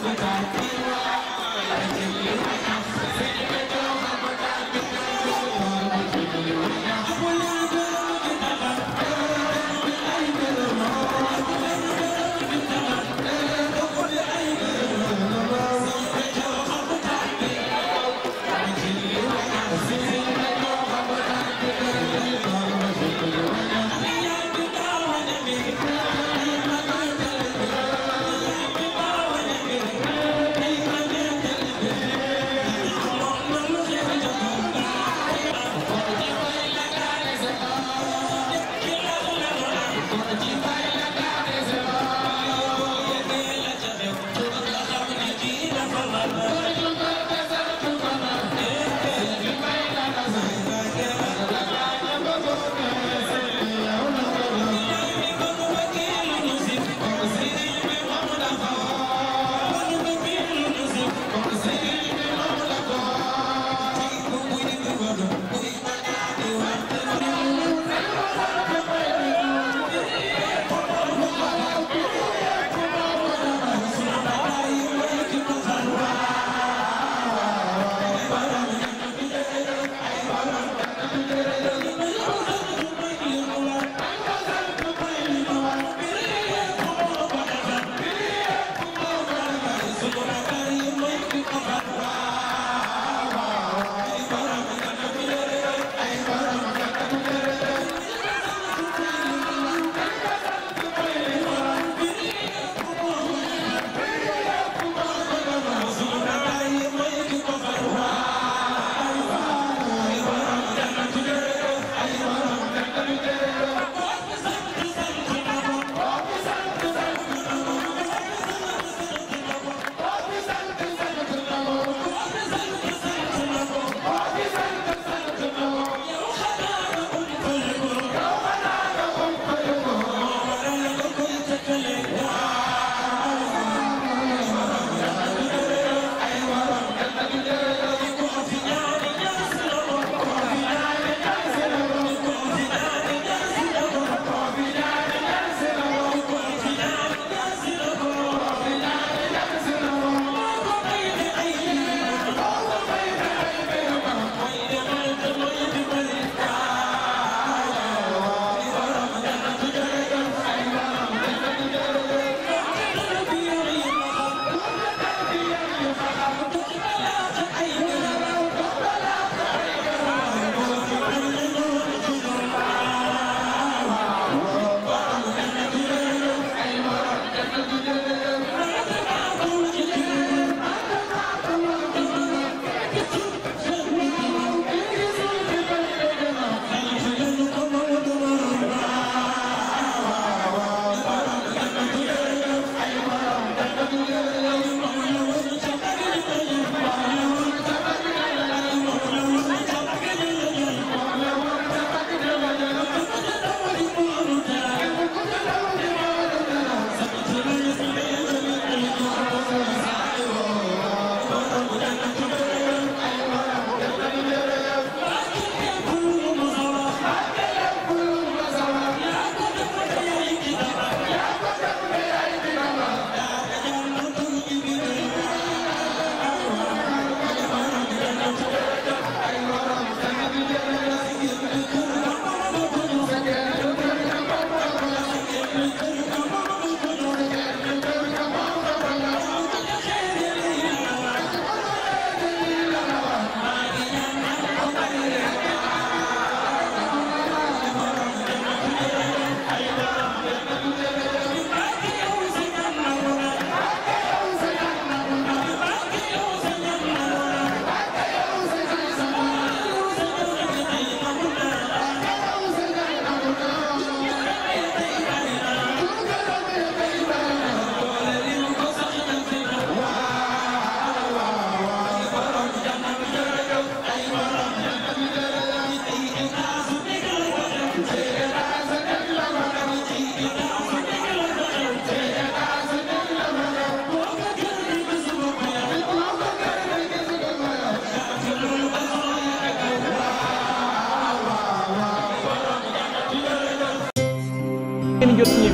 Thank you.